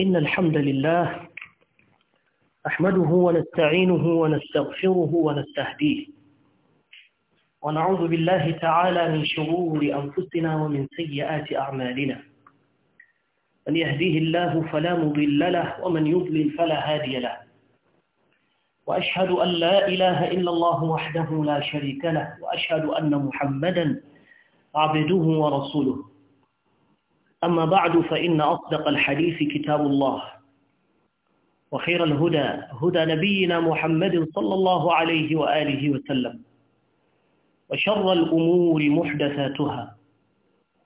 إن الحمد لله أحمده ونستعينه ونستغفره ونستهديه ونعوذ بالله تعالى من شرور أنفسنا ومن سيئات أعمالنا من يهديه الله فلا مضل له ومن يضلل فلا هادي له وأشهد أن لا إله إلا الله وحده لا شريك له وأشهد أن محمدا عبده ورسوله أما بعد فإن أصدق الحديث كتاب الله وخير الهدى هدى نبينا محمد صلى الله عليه وآله وسلم وشر الأمور محدثاتها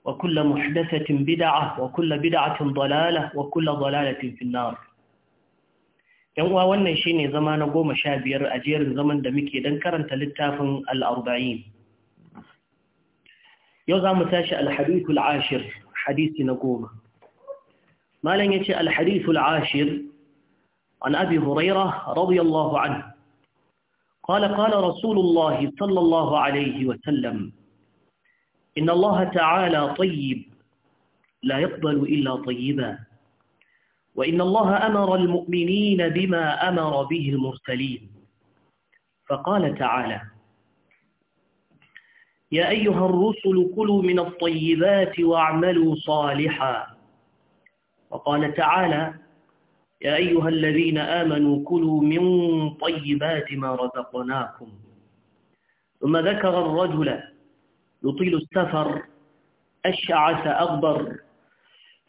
وكل محدثة بدعة وكل بدعة ضلالة وكل ضلالة في النار يوم wannan زمان zama na goma أجير زمان a jerin zaman da muke don karanta littafin حديث نقوم ما لن yace al-hadithu al-ashir an abi hurairah radiyallahu قال قال رسول الله صلى الله عليه وسلم إن الله تعالى طيب لا يقبل إلا طيبا وإن الله أمر المؤمنين بما أمر به المرسلين فقال تعالى يا أيها الرسل كلوا من الطيبات واعملوا صالحا وقال تعالى يا أيها الذين آمنوا كلوا من طيبات ما رزقناكم ثم ذكر الرجل يطيل السفر أشعث أغبر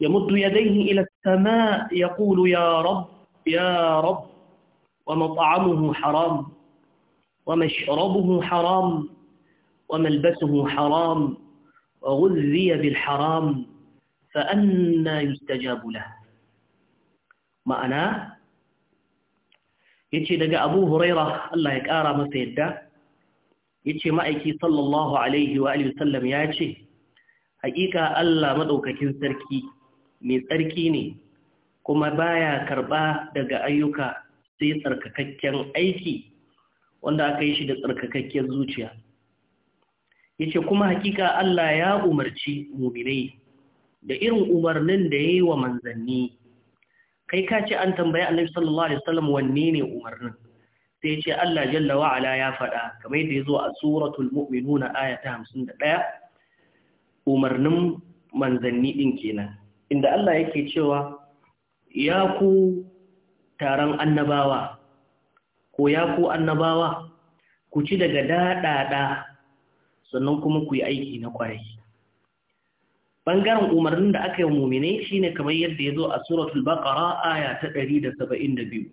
يمد يديه إلى السماء يقول يا رب يا رب ومطعمه حرام ومشربه حرام وملبسه حرام وغذي بالحرام فأنا يستجاب له ma'ana yace daga abu huraira Allah ya ƙara masa yadda ya ce ma'aiki sallallahu alaihi wa sallam ya ce haƙiƙa Allah maɗaukakin sarki mai tsarki ne kuma baya karɓa daga ayyuka sai tsarkakakken aiki wanda aka yi shi da tsarkakakken zuciya yace kuma hakika Allah ya umarci mu'minai da irin umarnin da yayi wa manzanni kai ka ce an tambaye Annabi sallallahu alaihi wasallam wanne ne umarnin sai yace Allah jalla wa ala ya faɗa kamar ya yazo a suratul mu'minuna aya ta 51 umarnin manzanni din kenan inda Allah yake cewa ya ku taron annabawa ko ya ku annabawa ku ci daga daɗaɗa sannan kuma ku yi aiki na kwarai bangaren umarnin da aka yi mumine shine kamar yadda ya zo a suratul baqara aya ta 172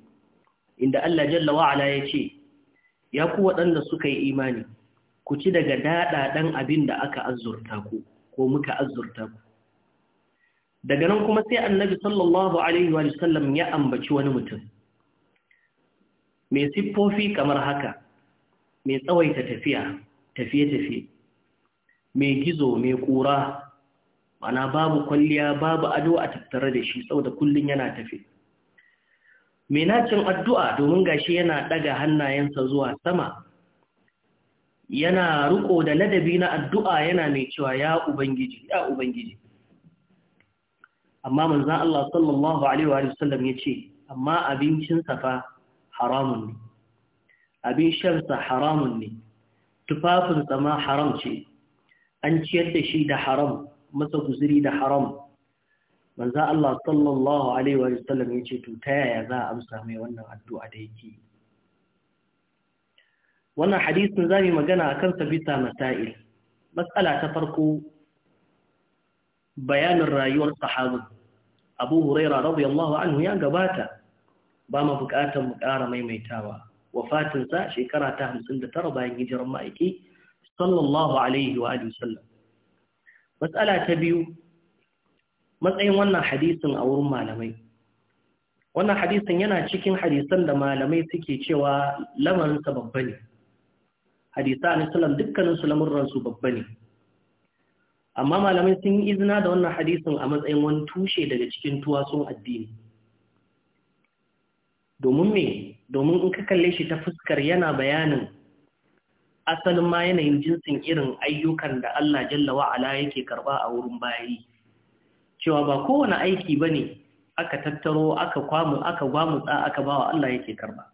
inda Allah jalla ya ce ya ku waɗanda suka yi imani ku ci daga daɗaɗen abin da aka azurta ku ko muka azurta ku daga nan kuma sai annabi sallallahu alaihi wa sallam ya ambaci wani mutum mai siffofi kamar haka mai tsawaita tafiya tafiye-tafiye mai gizo mai ƙura mana babu kwalliya babu ado a tattare da shi sau da kullum yana tafi mai nacin addu'a domin gashi yana ɗaga hannayensa zuwa sama yana riko da ladabi na addu'a yana mai cewa ya ubangiji ya ubangiji amma manzan Allah sallallahu Alaihi wasallam ya ce amma abincinsa fa haramun ne abin shansa haramun ne tufafin sama haram ce an ciyar da shi da haram masa guziri da haram manzo Allah sallallahu alaihi wa sallam yace to ta yaya za a amsa mai wannan addu'a da yake wannan hadisin zamu magana akan kansa bisa masail matsala ta farko bayanin rayuwar sahabi Abu Hurairah radiyallahu anhu ya gabata ba mu bukatar mu ƙara maimaitawa wafatinsa shekara ta hamsin da tara bayan hijirar ma'aiki sallallahu alaihi wa alihi sallam matsala ta biyu matsayin wannan hadisin a wurin malamai wannan hadisin yana cikin hadisan da malamai suke cewa lamarinsa babba ne hadisa na salam dukkanin su lamurransu babba ne amma malamai sun yi izina da wannan hadisin a matsayin wani tushe daga cikin tuwasun addini domin me domin in ka kalle shi ta fuskar yana bayanin asalin ma yanayin jinsin irin ayyukan da Allah jalla ala yake karba a wurin bayi cewa ba kowane aiki ba ne, aka tattaro aka kwamu aka gwamutsa aka ba wa Allah yake karba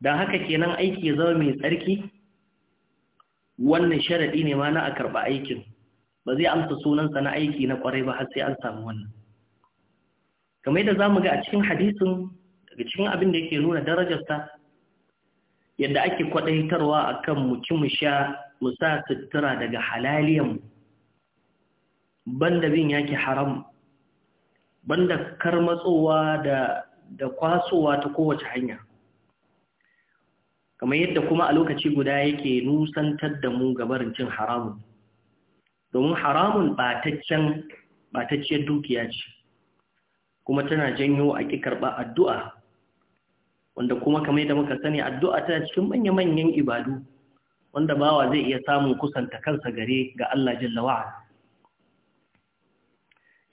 don haka kenan aiki ya zama mai tsarki wannan sharaɗi ne ma na a karba aikin ba zai amsa sunansa na aiki na kwarai ba har sai an samu wannan kamar yadda mu ga a cikin hadisin daga cikin abin da yake nuna darajarsa yadda ake kwadaitarwa a kan muci mu sha mu sa sutura daga halaliyan banda bin yake haram banda karmatsowa da da kwasowa ta kowace hanya kamar yadda kuma a lokaci guda yake nusantar da mu gabarin cin haramun domin haramun bataccen batacciyar dukiya ce kuma tana janyo a ƙi karɓa addu'a wanda kuma kamar da muka sani addu'a ta cikin manya-manyan ibadu wanda bawa zai iya samun kusanta kansa gare ga Allah jalla wa'ala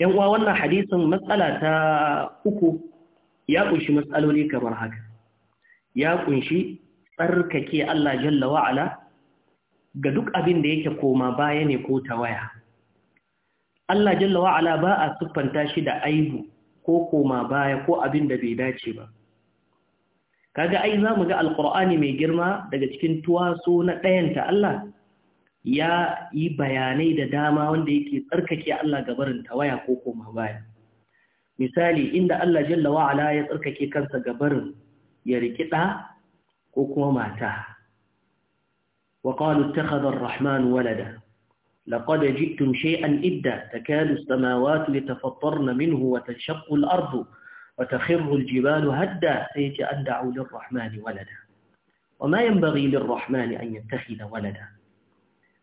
yan uwa wannan hadisin matsala ta uku ya kunshi matsaloli kamar haka ya kunshi tsarkake Allah jalla wa'ala ga duk abin da yake koma baya ne ko tawaya Allah jalla wa'ala ba a siffanta shi da aibu ko koma baya ko abin da bai dace ba kaga ai zamu ga alqur'ani mai girma daga cikin tuwaso na ɗayanta Allah ya yi bayanai da dama wanda yake tsarkake Allah gabarin tawaya ko kuma baya misali inda Allah jalla wa ala ya tsarkake kansa gabarin ya rikida ko kuma mata wa وقالوا اتخذ الرحمن ولدا لقد جئتم شيئا إدا تكاد السماوات لتفطرن منه وتنشق الأرض وتخر الجبال هدا سيتي أن دعوا للرحمن ولدا وما ينبغي للرحمن أن يتخذ ولدا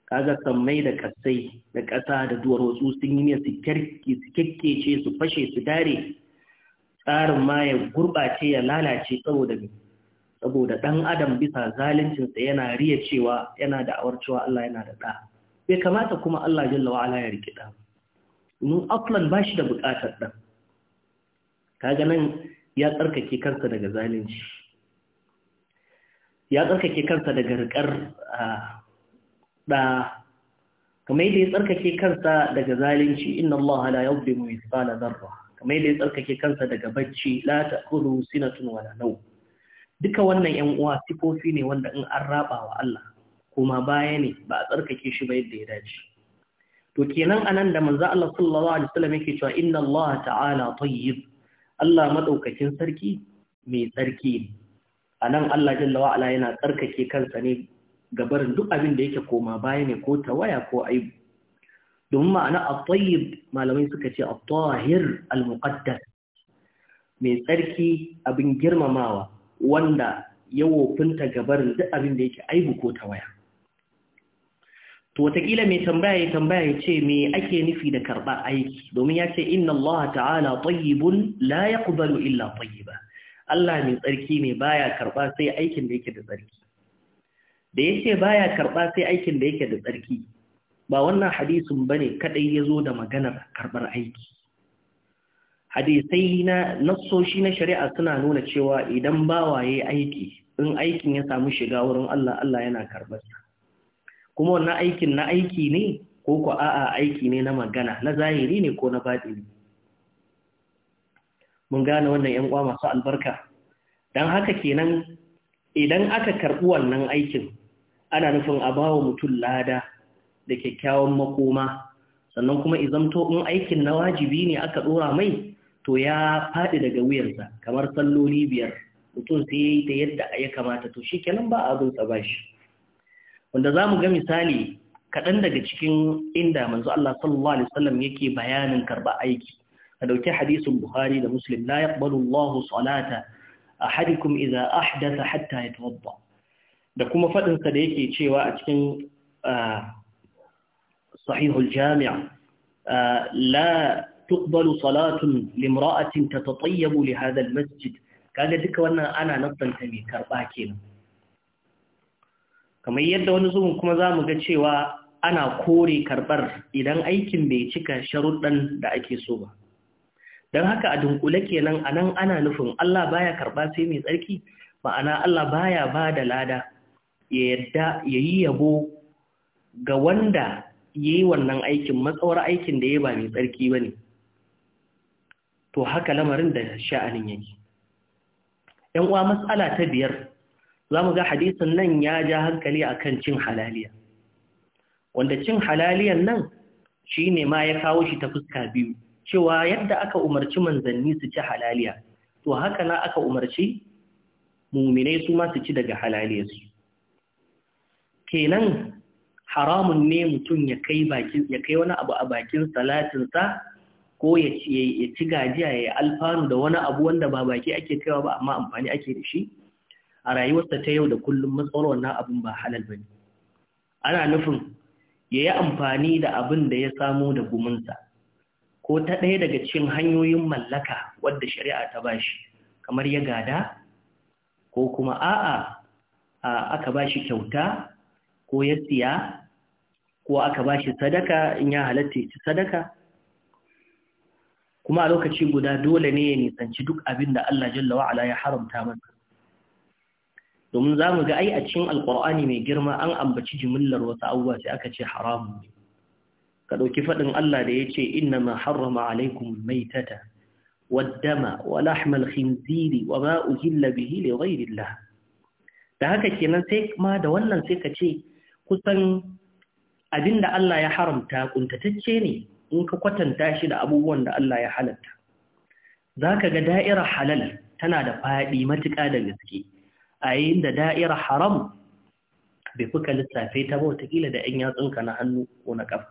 kaga sammai da kasai da ƙasa da duwarwatsu sun yi mai su kyakkece su fashe su dare tsarin ma ya gurɓace ya lalace saboda saboda ɗan adam bisa zaluncinsa yana riya cewa yana da cewa Allah yana da ɗa bai kamata kuma Allah jalla wa'ala ya riƙi ɗa Nu Auckland ba shi da buƙatar ɗan kaga nan ya tsarkake kansa daga zalunci ya tsarkake kansa daga rikar da kamar yadda ya tsarkake kansa daga zalunci inna Allah la yuzlimu mithqala dharra kamar yadda ya tsarkake kansa daga bacci la ta'khudhu sinatun wala nawm duka wannan 'yan uwa sifofi ne wanda in an raba wa Allah kuma baya ne ba a tsarkake shi ba yadda ya dace to kenan anan da manzo Allah sallallahu alaihi wasallam yake cewa inna Allah ta'ala tayyib Allah maɗaukakin sarki mai tsarki ne a nan Allah jalla wa'ala yana tsarkake kansa ne gabarin duk abin da yake koma baya ne ko tawaya ko aibu domin ma'ana a malamai suka ce a tahir al-muqaddas mai tsarki abin girmamawa wanda ya wofinta gabarin duk abin da yake aibu ko ta waya. to wataƙila mai tambaya ya tambaya ya ce me ake nufi da karɓar aiki domin ya ce inna Allah ta'ala tayyibun la yaqbalu illa tayyiba Allah mai tsarki ne baya karɓa sai aikin da yake da tsarki da yace baya karɓa sai aikin da yake da tsarki ba wannan hadisin bane kadai yazo da maganar karɓar aiki hadisai na nassoshi na shari'a suna nuna cewa idan ya aiki in aikin ya samu shiga wurin Allah Allah yana karɓarsa kuma wannan aikin na aiki ne ko ku a'a aiki ne na magana na zahiri ne ko na baɗini mun gane wannan yan uwa masu albarka dan haka kenan idan aka karɓi wannan aikin ana nufin a bawa mutum lada da kyakkyawan makoma sannan kuma izamto in aikin na wajibi ne aka ɗora mai to ya faɗi daga wuyarsa kamar salloli biyar mutum sai ya yi ta yadda ya kamata to shi kenan ba abin sa ba shi wanda za mu ga misali kaɗan daga cikin inda manzo Allah sallallahu alaihi wasallam yake bayanin karba aiki ka ɗauki hadisin Bukhari da Muslim la yaqbalu Allahu salata ahadikum iza ahdasa hatta ya tawabba da kuma fadin sa da yake cewa a cikin sahihul jami'a la tuqbalu salatun limra'atin tatatayyabu li hadha masjid kaga duka wannan ana nasanta mai karba kenan kamar yadda wani zubin kuma za mu ga cewa ana kore karɓar idan aikin bai cika sharuɗan da ake so ba don haka a dunkule kenan a nan ana nufin Allah baya karɓa sai mai tsarki ma'ana Allah baya ba da lada ya yadda ya yi yabo ga wanda ya yi wannan aikin matsawar aikin da ya ba mai tsarki ba ne to haka lamarin da sha'anin yake ‘yan uwa matsala ta biyar za mu ga hadisin nan ya ja hankali akan cin halaliya wanda cin halaliyan nan shi ne ma ya kawo shi ta fuska biyu cewa yadda aka umarci manzanni su ci halaliya to haka na aka umarci muminai su ma su ci daga halaliyarsu kenan haramun ne mutum ya kai wani abu a bakin salatinsa ko ya ci gajiya ya yi alfanu da wani abu wanda ba baki ake kaiwa ba amma amfani ake da shi a rayuwarsa ta yau da kullum matsawar wannan abin ba halal ba ne ana nufin ya yi amfani da abin da ya samo da gumunsa. ko ta ɗaya daga cin hanyoyin mallaka wadda shari'a ta ba shi kamar ya gada ko kuma a'a a aka bashi kyauta ko ya siya ko aka bashi sadaka in ya halatta ya ci sadaka kuma a lokaci guda dole ne ya nisanci duk abin da Allah jalla wa'ala ya haramta masa domin za mu ga ai a cikin alƙur'ani mai girma an ambaci jimillar wasu abubuwa sai aka ce haramun ne ka ɗauki faɗin Allah da ya ce inna ma harrama alaikum maitata waddama wa lahmal khinziri wa ma uhilla bihi li ghayrillah da haka kenan sai ma da wannan sai ka ce kusan abinda Allah ya haramta kuntatacce ne in ka kwatanta shi da abubuwan da Allah ya halatta zaka ga da'irar halal tana da faɗi matuƙa da gaske a yayin da da'ira haram bai fuka lissafe ta ba watakila da ‘yan yatsunka na hannu ko na ƙafa.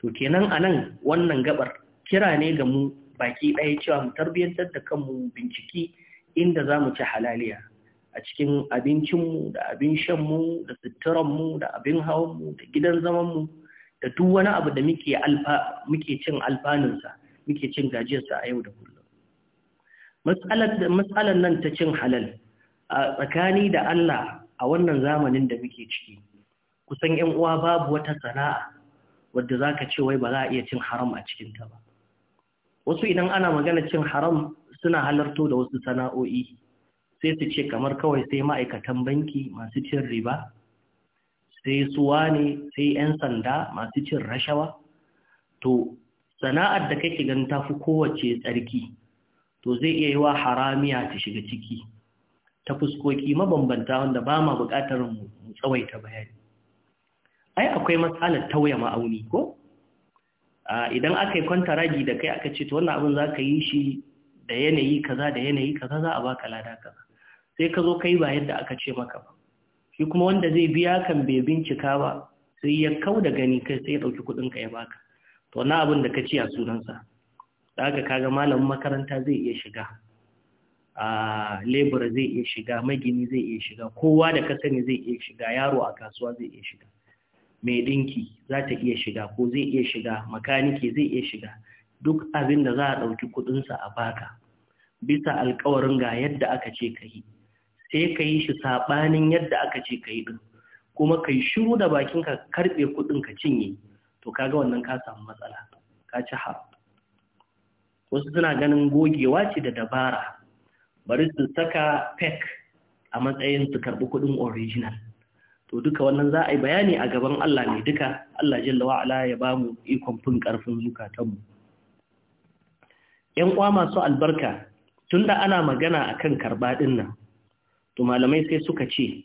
To kenan a nan wannan gabar kira ne ga mu baki ɗaya cewa mu tarbiyyantar da kanmu binciki inda za mu ci halaliya a cikin abincinmu da abin shanmu da suturanmu da abin hawanmu da gidan zamanmu da duk wani abu da muke cin alfanunsa muke cin gajiyarsa a yau da kullum. Matsalar nan ta cin halal a tsakani da Allah a wannan zamanin da muke ciki kusan ‘yan uwa babu wata sana'a wadda zaka ce wai ba za a iya cin haram a cikin ta ba wasu idan ana magana cin haram suna halarto da wasu sana'o'i sai su ce kamar kawai sai ma'aikatan banki masu cin riba sai suwa ne sai 'yan sanda masu cin rashawa to sana'ar da kake ta fi kowace tsarki to zai iya yi wa haramiya ta shiga ciki ta fuskoki mabambanta wanda ba ma buƙatar mu tsawaita bayani ai akwai matsalar tauya ma'auni ko idan aka yi kwantaraji da kai aka ce to wannan abin za ka yi shi da yanayi kaza da yanayi kaza za a baka lada kaza sai ka zo kai ba yadda aka ce maka ba shi kuma wanda zai biya kan bai bincika ba sai ya kau da gani kai sai ya ɗauki kuɗin ka ya baka to wannan abin da ka ci a sunansa da haka kaga malamin makaranta zai iya shiga A lebura zai iya shiga magini zai iya shiga kowa da ka sani zai iya shiga yaro a kasuwa zai iya shiga mai dinki za ta iya shiga ko zai iya shiga Makaniki zai iya shiga duk abin da za a ɗauki kuɗinsa a baka bisa alkawarin ga yadda aka ce ka yi sai ka yi shi saɓanin yadda aka ce ka yi ɗin kuma ka shiru da bakinka karɓe kuɗin ka cinye to kaga wannan ka samu matsala ka ci haram wasu suna ganin gogewa ce da dabara bari su saka pek a matsayin su karɓi kuɗin original to duka wannan za a yi bayani a gaban Allah ne duka Allah jalla ala ya ba mu ikon fin ƙarfin zukatanmu ‘yan uwa masu albarka tun da ana magana a kan karɓa ɗin nan to malamai sai suka ce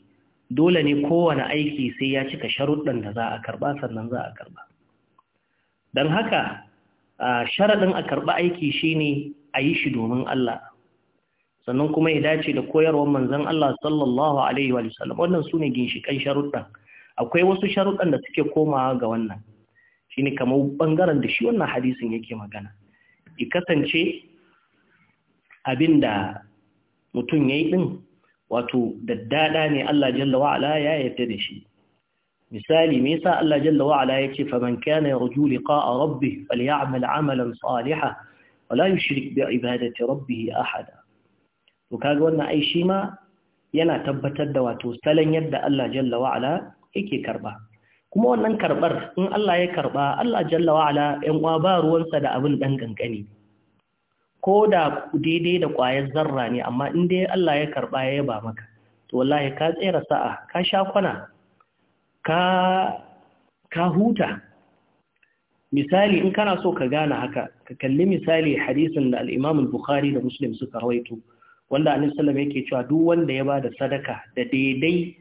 dole ne kowane aiki sai ya cika sharuɗɗan da za a karɓa sannan za a karɓa don haka sharaɗin a karɓa aiki shine a yi shi domin Allah sannan kuma ya dace da koyarwar manzon Allah sallallahu alaihi wa sallam wannan sune ginshikan sharuɗan akwai wasu sharuɗan da suke komawa ga wannan shine kamar bangaren da shi wannan hadisin yake magana ya kasance abinda mutum yayi din wato daddada ne Allah jalla wa ya yarda da shi misali me yasa Allah jalla wa ala yake faman kana yarju liqa'a rabbih falyamal amalan salihan wala yushrik bi ibadati rabbih ahada to kaga wannan ai shi ma yana tabbatar da wato salon yadda Allah jalla ala yake karba kuma wannan karbar in Allah ya karba Allah jalla ala yan uwa ba ruwansa da abin dan kankani ko da daidai da ƙwayar zarra ne amma in dai Allah ya karba ya ba maka to wallahi ka tsera sa'a ka sha kwana ka ka huta misali in kana so ka gane haka ka kalli misali hadisin da al-Imam al-Bukhari da Muslim suka rawaito wanda anin sallallahu yake cewa duk wanda ya ba da sadaka da daidai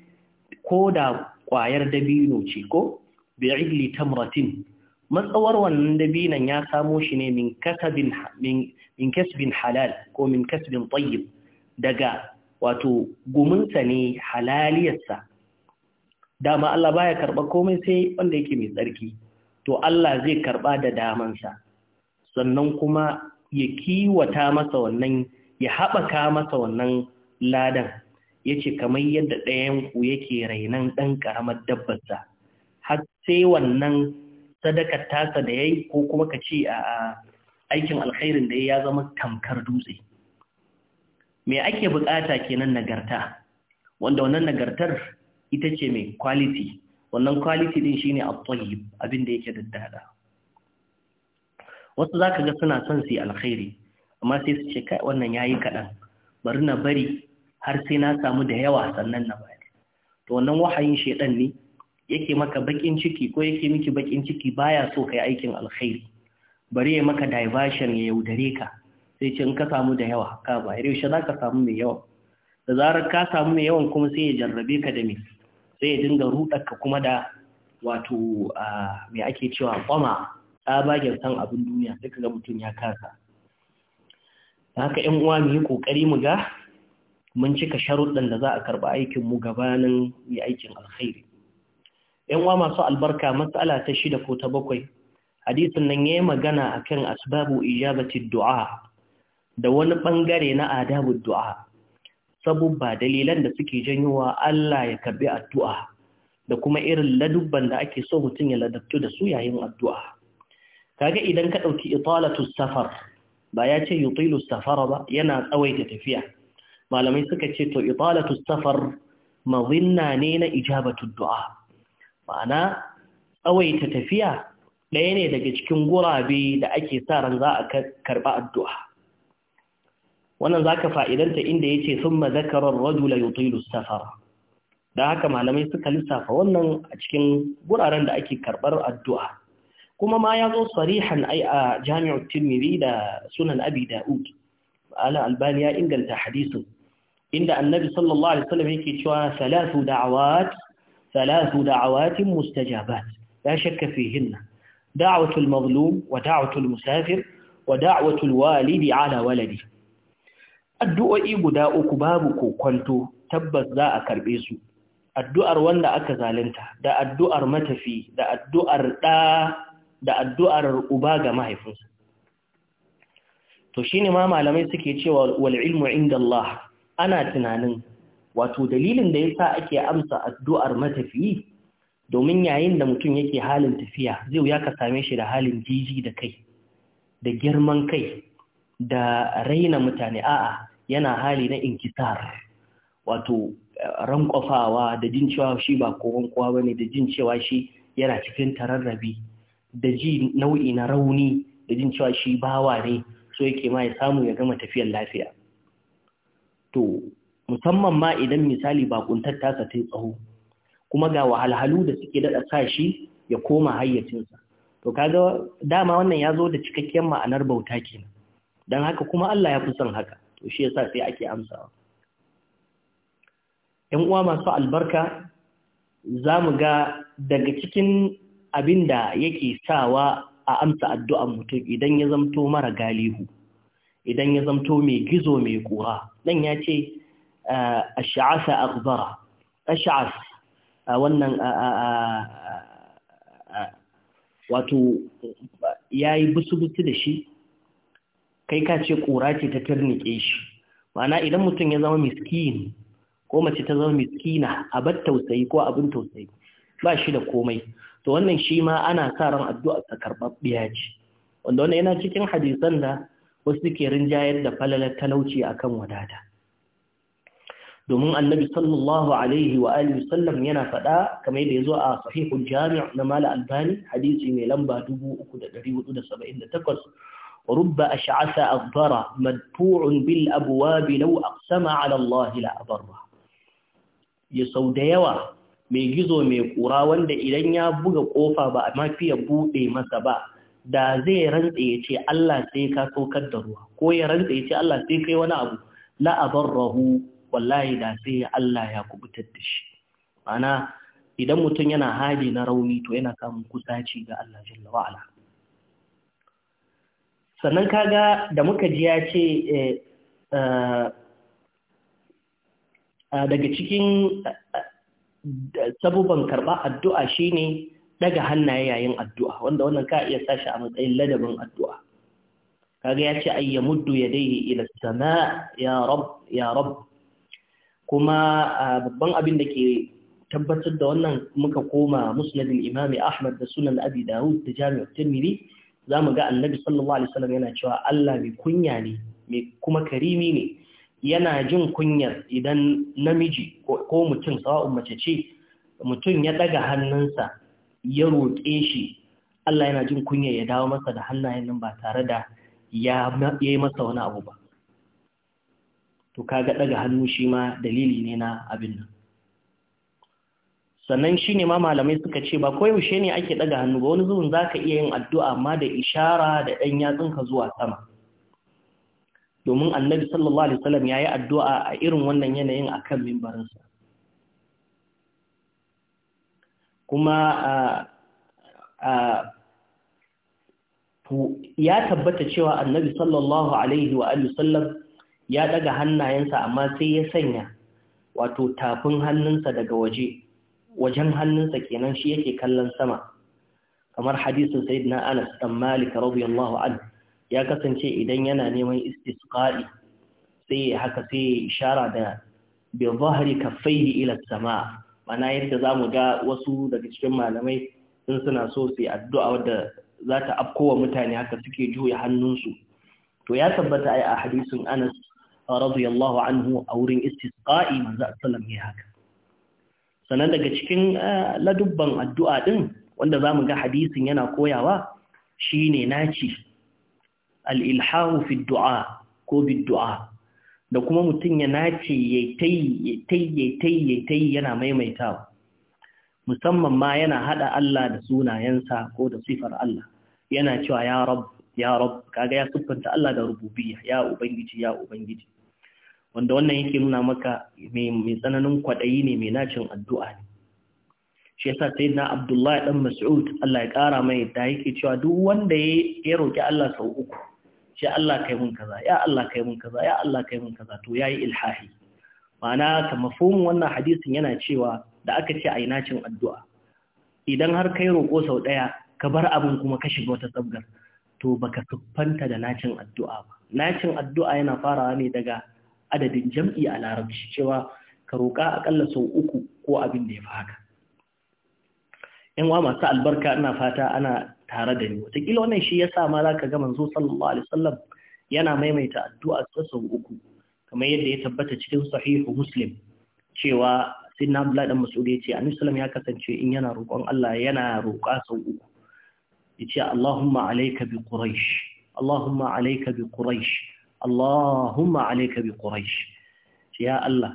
ko da kwayar dabino ce ko bi'igli tamratin matsawar wannan dabinan ya samo shi ne min kasbin halal ko min kasbin tayyib daga wato gumunsa ne halaliyarsa dama Allah baya karba komai sai wanda yake mai tsarki to Allah zai karba da damansa sannan kuma ya kiwata masa wannan ya haɓaka masa wannan ladan ya ce kamar yadda ɗayanku yake rainan ɗan ƙaramar dabbarsa har sai wannan sadakar tasa da ya yi ko kuma ka ce a aikin alkhairin da ya zama tamkar dutse me ake bukata kenan nagarta wanda wannan nagartar ita ce mai kwaliti, wannan kwaliti din shine abin da yake daddada wasu za ka ga suna son su yi alkhairi amma sai su ce kai wannan yi kaɗan bari na bari har sai na samu da yawa sannan na bari to wannan wahayin shaidan ne yake maka bakin ciki ko yake miki bakin ciki baya so kai aikin alkhairi bari ya maka diversion ya yaudare ka sai ce in ka samu da yawa ka ba ya yaushe za ka samu mai yawa da zarar ka samu mai yawan kuma sai ya jarrabe ka da mai sai ya dinga ka kuma da wato ah, mai ake cewa kwama bagen san abin duniya sai ka ga mutum ya kasa haka ‘yan uwa mu yi ƙoƙari mu ga mun cika sharuɗin da za a karɓa aikinmu gabanin yi aikin alkhairi. ‘Yan uwa masu albarka matsala ta shida ko ta bakwai, hadisin nan ya yi magana a kan asbabu ijabati du'a da wani ɓangare na adabu du'a, sabubba dalilan da suke janyowa Allah ya karɓi addu'a da kuma irin ladubban da ake so mutum ya ladabtu da su yayin addu'a. Kaga idan ka ɗauki italatu safar, ba ya ce yutilu safara ba yana tsawaita tafiya malamai suka ce to italatu safar mazinna ne na ijabatu du'a ma'ana tsawaita tafiya ɗaya ne daga cikin gurabe da ake sa ran za a karɓa addu'a wannan za ka fa'idanta inda ya ce sun mazakarar rajula yutilu safara da haka malamai suka lissafa wannan a cikin guraren da ake karɓar addu'a kuma ma ya zo sarihan ai a jami'ar tirmidhi da sunan abi da'ud ala albani ya inganta hadisin inda annabi sallallahu alaihi wasallam yake cewa salatu da'awat salatu da'awatin mustajabat la shakka fihinna da'watu al-mazlum wa da'watu al-musafir wa da'watu al-walidi ala waladi addu'o'i guda uku babu kokonto tabbas za a karbe su addu'ar wanda aka zalunta da addu'ar matafi da addu'ar da da addu'ar uba ga mahaifinsu to shine ma malamai suke cewa wal ilmu inda Allah ana tunanin wato dalilin da yasa ake amsa addu'ar matafiyi domin yayin da mutum yake halin tafiya zai wuya ka same shi da halin jiji da kai da girman kai da raina mutane a'a yana hali na inkisar wato eh, rankwafawa da jin cewa shi ba kowan kowa ba ne da jin cewa shi yana cikin tararrabi da ji nau'i na rauni da jin cewa shi bawa ne so yake ma ya samu ya gama tafiyar lafiya to musamman ma idan misali bakuntar tasa ta yi tsaho kuma ga wahalhalu da suke daɗa sa shi ya koma hayyacinsa to kaga dama wannan ya zo da cikakken ma'anar bauta kenan don haka kuma Allah ya fi son haka to shi yasa sai ake amsawa ‘yan uwa masu albarka za mu ga daga cikin Abin da yake sawa a amsa addu'an mutum idan ya zamto mara galihu idan ya zamto mai gizo mai kura ɗan ya ce ah, a a a aghbara a wannan wato ya yi busubusu da shi kai ka ce ƙura ce ta turnike shi mana idan mutum ya zama miskin ko mace ta zama miskina a bar tausayi ko abin tausayi ba shi da komai to wannan shi ma ana sa ran addu'a ta karɓaɓɓiya ce wanda wannan yana cikin hadisan da wasu suke rinjayar da falalar talauci akan wadata domin annabi sallallahu alaihi wa alihi sallam yana faɗa kamar yadda ya zo a sahihul jami' na mala albani hadisi mai lamba 3478 رب أشعث أغبر مدفوع بالأبواب لو أقسم على Ya sau da yawa. mai gizo mai kura wanda idan ya buga kofa ba a mafiya buɗe masa ba da zai rantse ya ce Allah sai ka saukar da ruwa ko ya rantse ya ce Allah sai kai wani abu la'abar rahu wallahi da sai Allah ya kubutar da shi ma'ana idan mutum yana hali na rauni to yana samun kusaci ga Allah jalla wa'ala sannan kaga da muka ji ya ce eh, eh, daga cikin sabuban karɓa addu'a shine ɗaga hannaye yayin addu'a wanda wannan ka iya sashi a matsayin ladabin addu'a kaga ya ce ayya muddu daihi ila sama ya rab ya rab kuma babban abin da ke tabbatar da wannan muka koma musnadin imami ahmad da sunan abi dawud da jami'ar tirmidhi za ga annabi sallallahu alaihi wasallam yana cewa Allah mai kunya ne mai kuma karimi ne yana jin kunyar idan namiji ko mutum sawa'un mace ce mutum ya daga hannunsa ya roƙe shi Allah yana jin kunyar ya dawo masa da hannayen nan ba tare da ya yi masa wani abu ba to kaga daga hannu shi ma dalili ne na abin nan sannan shi ne ma malamai suka ce ba kawai ushe ne ake daga hannu ba wani zuwan za ka iya yin addu'a amma da ishara da ɗan yatsunka zuwa sama domin annabi sallallahu alaihi wasallam yayi addu'a a irin wannan yanayin akan sa kuma ya tabbata cewa annabi sallallahu alaihi wa sallam ya daga hannayensa amma sai ya sanya wato tafin hannunsa daga waje wajen hannunsa kenan shi yake kallon sama kamar hadisin sayyidina Anas dan Malik radiyallahu anhu ya kasance idan yana neman istisqa'i sai haka sai ishara da bi zahri kaffaihi ila samaa mana yadda zamu ga wasu daga cikin malamai sun suna so su addu'a wadda za ta afkowa mutane haka suke juya hannunsu to ya tabbata ai a hadisin Anas radiyallahu anhu a wurin istisqa'i manzo sallam ya haka sanan daga cikin eh, ladubban addu'a din wanda zamu ga hadisin yana koyawa shine naci al'ilhahu fi du'a ko bi du'a da kuma mutum ya nace ya tai ya tai yana maimaitawa musamman ma yana hada Allah da sunayensa ko da sifar Allah yana cewa ya rab ya rab kaga ya siffanta Allah da rububiyya ya ubangiji ya ubangiji wanda wannan yake nuna maka mai tsananin kwaɗayi ne mai nacin addu'a ne shi yasa sai na abdullahi dan mas'ud Allah ya kara mai da yake cewa duk wanda ya roki Allah sau uku ce Allah kai mun kaza ya Allah kai mun kaza ya Allah kai mun kaza to yayi ilhahi ma'ana ka mafhumin wannan hadisin yana cewa da aka ce a yi nacin addu'a idan har kai roƙo sau daya ka bar abin kuma ka shiga wata tsabgar to baka tuffanta da nacin addu'a ba nacin addu'a yana farawa ne daga adadin jam'i a larabci cewa ka roƙa akalla sau uku ko abin da ya fi haka In wa masu albarka ina fata ana tare da ni wataƙila wannan shi ya sa ma za ka ga manzo sallallahu alaihi wasallam yana maimaita addu'a sau uku kamar yadda ya tabbata cikin sahihu muslim cewa sinna abdullahi dan mas'ud ya ce annabi sallam ya kasance in yana roƙon Allah yana roƙa sau uku yace Allahumma alayka bi quraish Allahumma alayka bi quraish Allahumma alayka bi quraish ya Allah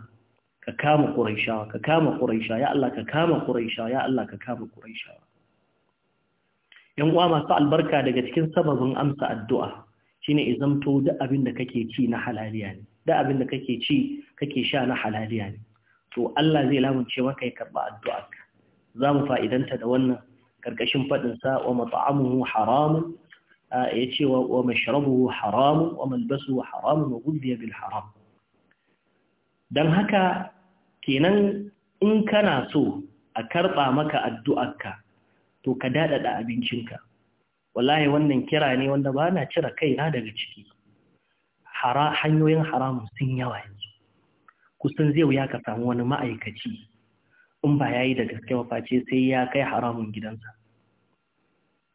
ka kama quraishawa ka kama quraisha ya Allah ka kama quraisha ya Allah ka kama quraisha yan uwa masu albarka daga cikin sababin amsa addu'a shine izamto duk abin da kake ci na halaliya ne duk abin da kake ci kake sha na halaliya ne to Allah zai lamunce maka ya karba addu'arka zamu fa'idanta da wannan karkashin fadin sa wa mat'amuhu Ya ce wa mashrabuhu haramun wa malbasuhu haramun wa ghudhiya bil haram don haka kenan in kana so a karɓa maka addu'arka to ka daɗaɗa abincinka wallahi wannan kira ne wanda ba na cire kaina daga ciki hanyoyin haramun sun yawa yanzu kusan zai wuya ka samu wani ma'aikaci in ba ya yi da gaske face sai ya kai haramun gidansa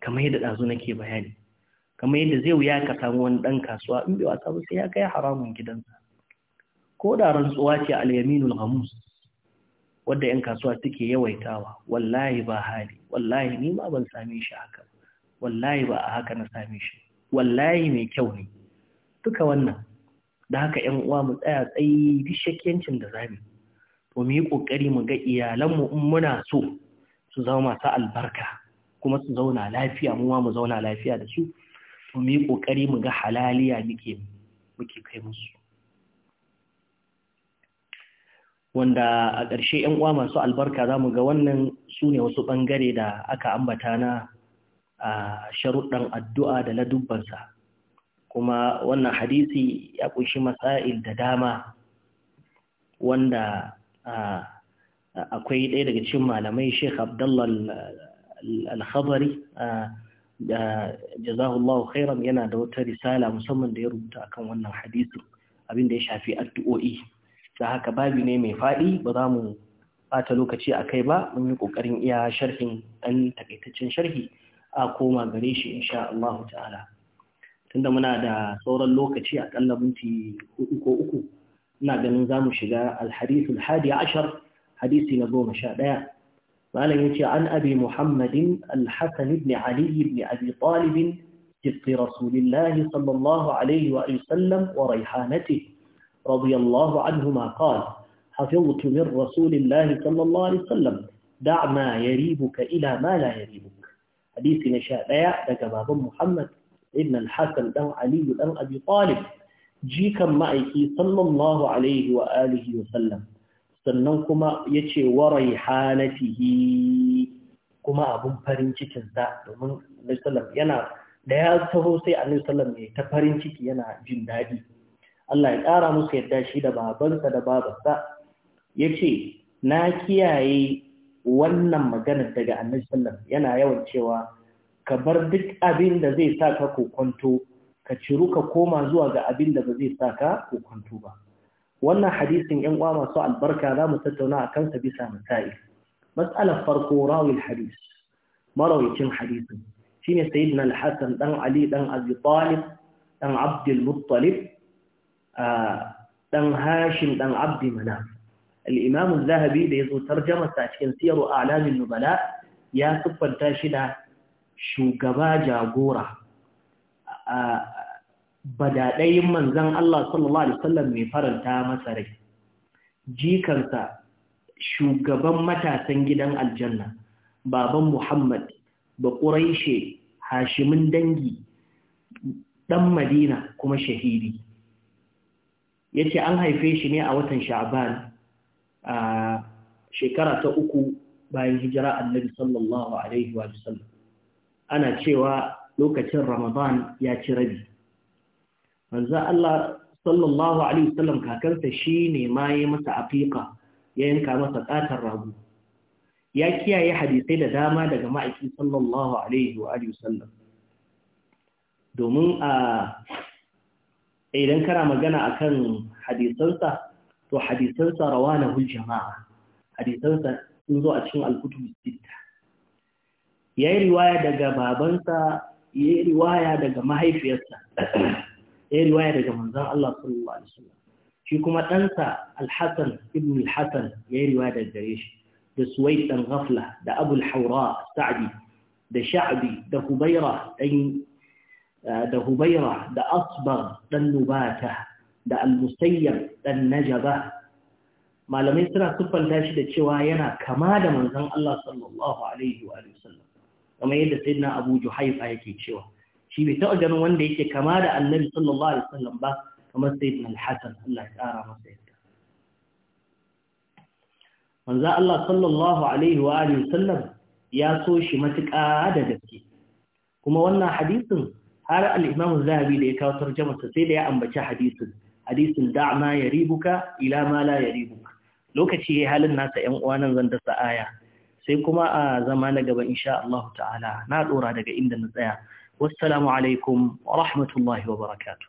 kamar yadda ɗazu nake bayani kamar yadda zai wuya ka samu wani ɗan kasuwa in bai wasa ba sai ya kai haramun gidansa ko da rantsuwa ce al-yaminul ghamus wanda yan kasuwa suke yawaitawa wallahi ba hali wallahi ni ma ban same shi haka wallahi ba a haka na same shi wallahi mai kyau ne duka wannan da haka yan uwa mu tsaya tsayi duk shakkiyancin da zamu to mu yi kokari mu ga iyalanmu in muna so su zama masu albarka kuma su zauna lafiya mu ma mu zauna lafiya da su to mu yi kokari mu ga halaliya muke muke kai musu wanda a ƙarshe 'yan uwa masu albarka za mu ga wannan su ne wasu ɓangare da aka ambata na a sharuɗan addu'a da ladubbansa kuma wannan hadisi ya ƙunshi matsa'il da dama wanda akwai ɗaya daga cikin malamai sheikh Abdullal al-khabari jazahullahu khairan yana da wata risala musamman da ya rubuta akan wannan hadisin abin da ya shafi addu'o'i da haka babi ne mai faɗi ba za mu bata lokaci a kai ba mun yi ƙoƙarin iya sharhin ɗan takaitaccen sharhi a koma gare shi insha Allah ta'ala tunda muna da sauran lokaci a ƙalla minti hudu ko uku ina ganin za mu shiga alhadithul hadi ashar hadisi na goma sha ɗaya malam yace an abi muhammadin alhasan ibn ali ibn abi رضي الله عنهما قال حفظت من رسول الله صلى الله عليه وسلم دع ما يريبك إلى ما لا يريبك حديث نشاء بيع لك باب محمد إن الحسن دم علي دم أبي طالب جيكا معي صلى الله عليه وآله وسلم sannan kuma ya ce warai halatihi kuma abun farin cikinsa domin yana da ya taho sai a sallam mai ta farin ciki yana jin daɗi Allah ya ƙara musu yadda shi da babansa da babarsa ya ce na kiyaye wannan maganar daga annabi nan. yana yawan cewa ka bar duk abin da zai sa ka kokonto ka ciru ka koma zuwa ga abin da ba zai sa ka kokonto ba wannan hadisin yan uwa masu albarka za mu tattauna a kansa bisa misali mas'alar farko rawin hadis marawicin hadisin shine ne Sayyid hasan ɗan ali dan abi talib dan abdul muttalib ɗan hashim ɗan abdi mana al'imamun zahabi da ya zo tarjamasa cikin siyarwa alamin nubala ya siffanta shi da shugaba jagora badaɗayin manzan Allah sallallahu Alaihi wasallam mai faranta masa rai, jikansa shugaban matasan gidan aljanna, baban Muhammad, ba ƙuraishe, hashimin dangi, ɗan Madina kuma shahidi. ya ce an haife shi ne a watan sha'ban a shekara ta uku bayan hijira annabi sallallahu alaihi wa sallam ana cewa lokacin ramadan ya ci rabi manzo Allah sallallahu alaihi wa sallam kakansa shine ma yayi masa afiqa ya yanka masa katar rago ya kiyaye hadisai da dama daga ma'aikin sallallahu alaihi wa sallam, domin a idan kana magana akan hadisansa to hadisansa rawanahul jama'a hadisansa sun zo a cikin alkutu sita yayi riwaya daga babansa yayi riwaya daga mahaifiyarsa yayi riwaya daga manzon Allah sallallahu alaihi wasallam shi kuma ɗansa alhassan ibn al-Hasan yayi riwaya daga gare shi da suwai dan Ghafla da abulhaura al Sa'di da Sha'bi da hubaira dan da Hubaira da Asbar dan Nubata da Al-Musayyab dan Najaba malamai suna siffanta shi da cewa yana kama da manzon Allah sallallahu alaihi wa sallam kamar yadda sayyidina Abu Juhayfa yake cewa shi bai taɓa ganin wanda yake kama da Annabi sallallahu alaihi sallam ba kamar sayyidina Al-Hasan Allah ya tsara masa yadda manzon Allah sallallahu alaihi wa sallam ya so shi matuƙa da gaske kuma wannan hadisin har al zahabi da ya kawo tarjumarsa sai da ya ambaci hadisin hadisin da'ma yaribuka ila mala yaribuka lokaci yi halin nasa yan uwa nan zan dasa aya sai kuma a zama na gaba insha Allah ta'ala na dora daga inda na tsaya wassalamu alaikum wa rahmatullahi wa barakatu